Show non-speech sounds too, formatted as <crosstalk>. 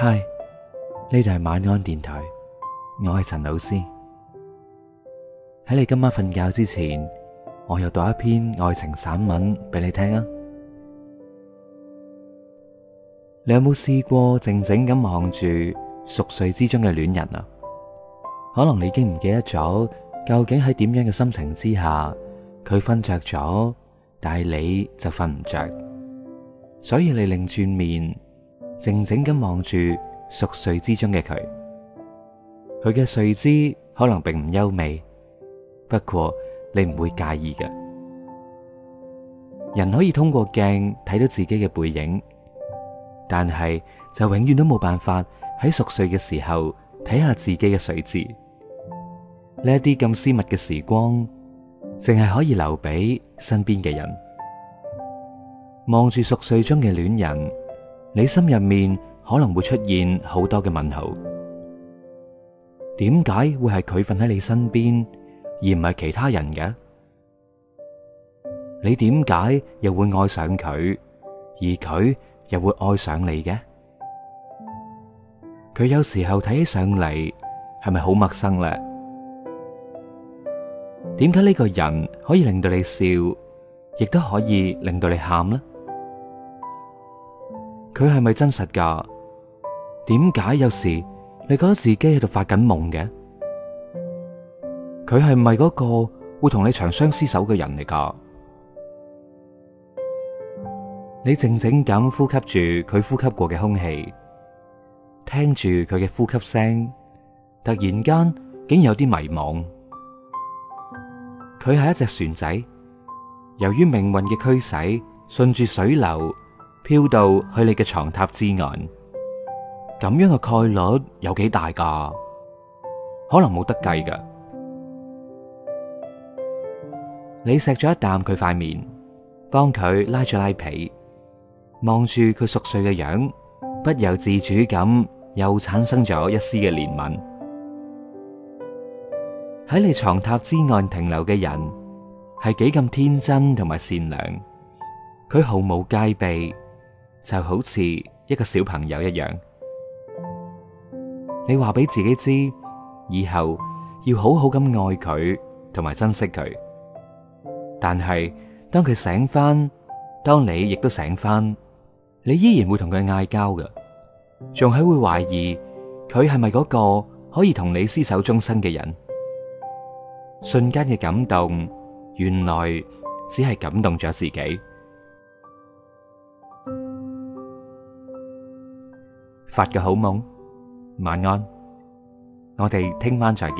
嗨，呢度係晚安電台，我係陳老師。喺你今晚瞓覺之前，我又讀一篇愛情散文俾你聽啊！你有冇試過靜靜咁望住熟睡之中嘅戀人啊？可能你已經唔記得咗，究竟喺點樣嘅心情之下，佢瞓着咗，但係你就瞓唔着，所以你擰轉面。靜靜咁望住熟睡之中嘅佢，佢嘅睡姿可能並唔優美，不過你唔會介意嘅。人可以通過鏡睇到自己嘅背影，但係就永遠都冇辦法喺熟睡嘅時候睇下自己嘅睡姿。呢一啲咁私密嘅時光，淨係可以留俾身邊嘅人，望住熟睡中嘅戀人。你心入面可能會出現好多嘅問號，點解會係佢瞓喺你身邊，而唔係其他人嘅？你點解又會愛上佢，而佢又會愛上你嘅？佢有時候睇起上嚟係咪好陌生咧？點解呢個人可以令到你笑，亦都可以令到你喊咧？佢係咪真實噶？點解有時你覺得自己喺度發緊夢嘅？佢係咪嗰個會同你長相廝守嘅人嚟噶？你靜靜咁呼吸住佢呼吸過嘅空氣，聽住佢嘅呼吸聲，突然間竟然有啲迷茫。佢係一隻船仔，由於命運嘅驅使，順住水流。飄到去你嘅床榻之岸，咁樣嘅概率有幾大噶？可能冇得計噶。 <noise> 你錫咗一啖佢塊面，幫佢拉咗拉皮，望住佢熟睡嘅樣，不由自主咁又產生咗一絲嘅憐憫。喺 <noise> 你床榻之岸停留嘅人係幾咁天真同埋善良，佢毫無戒備。就好似一個小朋友一樣，你話俾自己知，以後要好好咁愛佢同埋珍惜佢。但係當佢醒翻，當你亦都醒翻，你依然會同佢嗌交嘅，仲係會懷疑佢係咪嗰個可以同你厮守終生嘅人？瞬間嘅感動，原來只係感動咗自己。發個好夢，晚安，我哋聽晚再見。